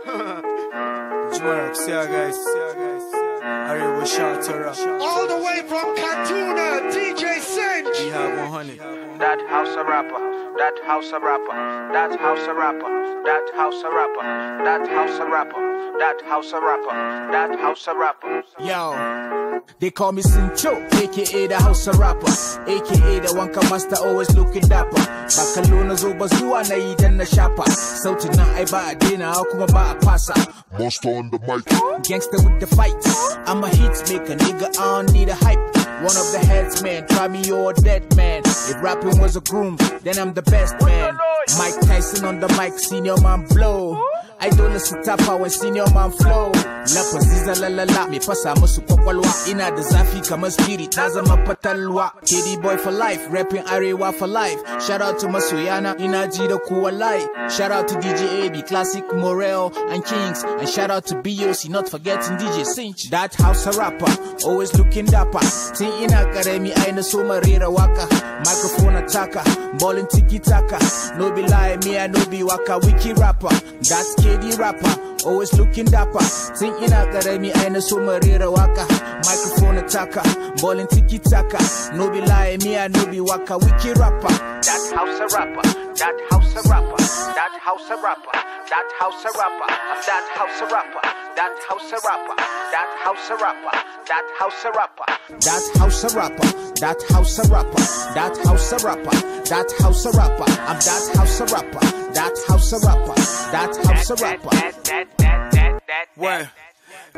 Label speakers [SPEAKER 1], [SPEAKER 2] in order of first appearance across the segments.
[SPEAKER 1] All the way from Katuna, DJ Senge. We have
[SPEAKER 2] That house a rapper, that house a rapper, that house a rapper, that house a rapper, that house a rapper, that house a rapper, that house a rapper. Yo. They call me Sincho, aka the house of rapper, aka the one master always looking dapper. Back a na zo ba zuwa na yi dan na shafa sautin na ai ba a dena kuma ba a fasa monster on the mic gangster with the fight I'm a hit maker nigga I don't need a hype one of the heads man try me or dead man if rapping was a groom then I'm the best man Mike Tyson on the mic senior man blow I don't dole su tafa when senior man flow la la la, me passa musu kwakwalwa ina da zafi kamar spirit na zama KD boy for life rapping arewa for life shout out to Masuyana, ina jiro kuwa ku shout out to DJ AB classic Morel and Kings and shout out to BOC not forgetting DJ Cinch that house a rapper always looking dapper Sin ina academy, ai na so waka microphone attacker balling tiki taka no be lie me I no be waka wiki rapper that's shady rapper always looking dapper tun ina karami ai na waka microphone attacker ballin tiki taka no be lie me i no be waka wiki rapper that house a rapper that house a rapper that house a rapper that house a rapper that house a rapper that house a rapper that house a rapper that house a rapper that house a rapper that house a rapper that house a rapper that house a rapper i'm that house a rapper that house a rapper that house a rapper that 왜?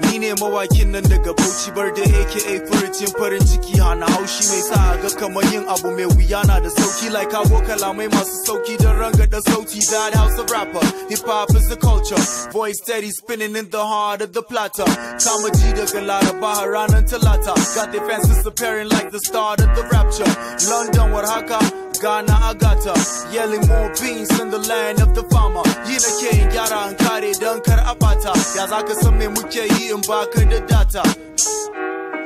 [SPEAKER 2] 니네 모아 있는 내가
[SPEAKER 1] 보치벌드 aka 프리틴 파른 지키 하나 하우심에 사가 가만히 아범에 위안하 the soaky like I walk along my muscle soaky the runga the soaky that house of rapper hip hop is the culture voice steady spinning in the heart of the Plateau, comedy galata baharan and talata got their fans disappearing like the start of the rapture London what haka Ghana Agata yelling more beans in the land of the farmer Yine Kane Yaran yaza ya za ka san me muke yi in baka da data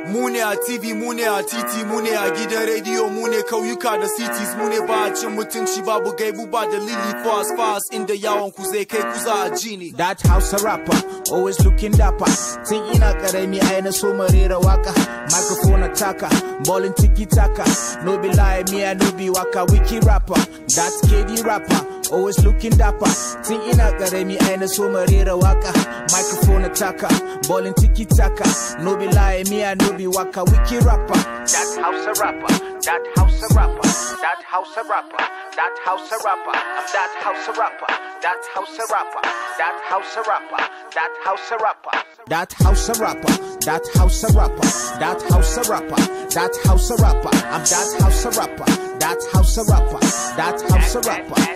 [SPEAKER 1] mu ne a tv mu ne a titi mu ne a gidan rediyo mu ne kauyuka da cities mu ne ba a cin mutunci babu gaibu ba dalili fast fast inda yawon ku zai kai ku za a ji ni
[SPEAKER 2] that house a rapper always looking dapper tun ina karami ai na so rera waka microphone attacker balling tiki taka no be lie me i no be waka wiki rapper that kd rapper always looking dapper tun ina karami ai na so rera waka microphone attacker ballin tiki taka no be lie me i no be waka wiki rapper that house a rapper that house a rapper that house a rapper that house a rapper that house a rapper that house a rapper that house a rapper that house a rapper that house a rapper that house a rapper that house a rapper that house a rapper i'm that house a rapper that house a rapper that house a rapper